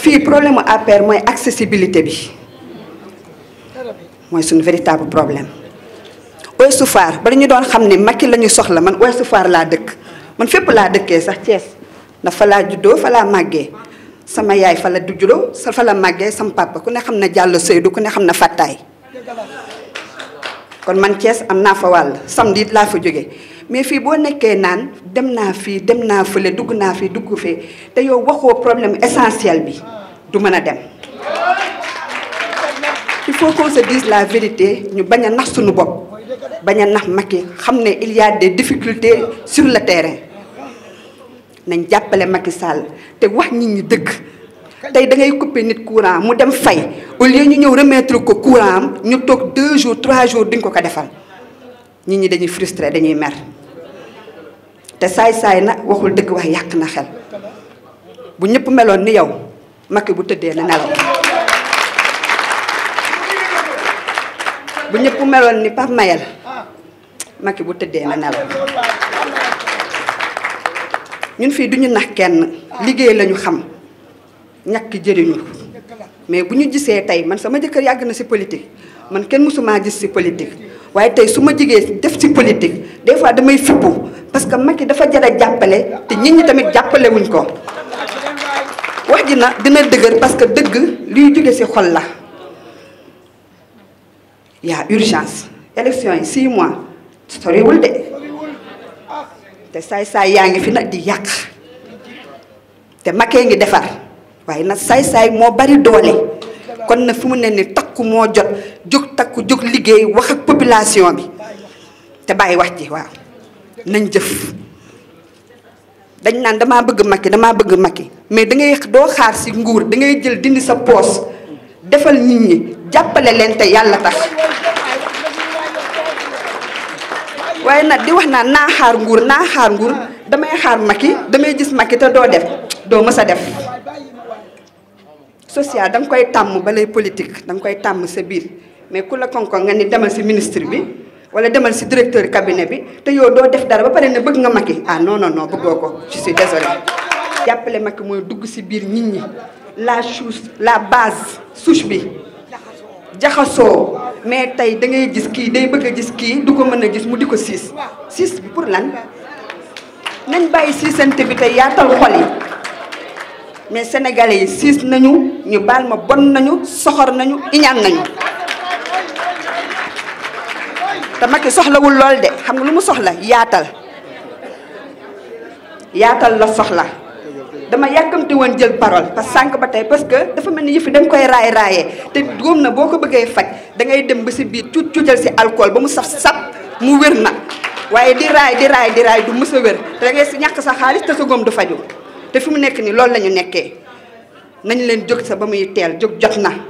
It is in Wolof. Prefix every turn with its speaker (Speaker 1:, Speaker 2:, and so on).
Speaker 1: Fi problème mu APR mooy accessibilité bi mooy suñu véritable problème Ouest Foire ba ñu doon xam ne Macky la ñu soxla man Ouest Foire laa dëkk man fépp laa dëkkee sax Thiès ndax fa laa juddoo fa laa màggee sama yaay fa la du sa fa la màggee sama papa ku ne xam na Diallo Seydou ku ne xam na kon man Thiès am naa fa wàll samedi it laa fa jóge mais fii boo nekkee naan dem naa fii dem naa fële dugg naa fii dugg fee te yow waxoo problème essentiel bi du mën a dem. il faut qu'on se dise la vérité ñu bañ a nax suñu bopp bañ a nax Macky xam ne il y a des difficultés sur le terrain nañ jàppale Macky Sall te wax nit ñi dëgg. tey da ngay couper nit courant mu dem fay au lieu ñu ñëw remettre ko courant am ñu toog 2 jours trois jours duñ ko ko defal nit ñi dañuy frustré dañuy mer te saay-saay na waxul dëgg wax yàq na xel bu ñëpp meloon ni yow Macky bu tëddee na bu ñëpp meloon ni Pape Mayel bu tëddee na nelaw ñun fii duñu nax kenn liggéey lañu xam. ñàkk jëriñu mais bu ñu gisee tey man sama jëkkër yàgg na si politique man kenn mësumaa gis si politique waaye tey su ma jigee def si politique des fois damay fippu parce que yi dafa jara jàppale te nit ñi tamit jàppalewuñ ko wax ji na dina dëgër parce que dëgg luy jóge si xol la yaa urgence élection yi six mois soriwul de te saay saay yaa ngi fi nag di yàq te Macky ngi defar waaye nag saay-saay moo bari doole kon na fi mu ne ni takku moo jot jóg takku jóg liggéey wax ak population bi te bàyyi wax ji waaw nañ jëf dañ naan dama bëgg ki damaa bëgg Macky mais da ngay doo xaar si nguur da ngay jël dindi sa poos defal nit ñi jàppale leen te yàlla tax waaye nag di wax naan naa xaar nguur naa xaar nguur damay xaar Macky damay gis Macky te doo def doo mës a def social da nga koy tàmm ba lay politique da nga koy tàmm sa biir mais ku la konkon nga ni demal si ministre bi wala demal si directeur cabinet bi te yow doo def dara ba pare ne bëgg nga Macky ah non non non bëggoo ko je suis désolé jàppale Macky que dugg si biir nit ñi la chose la base souche bi jaxasoo mais tey da ngay gis kii day bëgg a gis kii du ko mën a gis mu di ko siis siis bi pour lan nañ bàyyi siisante bi tey yaatal xol yi mais sénégalais yi siis nañu ñu baal ma bon nañu soxor nañu iñan nañu te Macky soxlawul lol de xam nga lu mu soxla yaatal yaatal la soxla dama yakamti won jël parole parce sank ba parce que dafa melni ni dang koy raay té na boko bëggé fajj da ngay dem ba bi biir tout cuutal si alcool ba mu saf sap mu wërna waye di raay di raay di raay du mësa wër da ngay sa xaaliss té sa du te fi mu nekk nii loolu la ñu nekkee nañ leen jóg sa ba muy teel jóg jot na.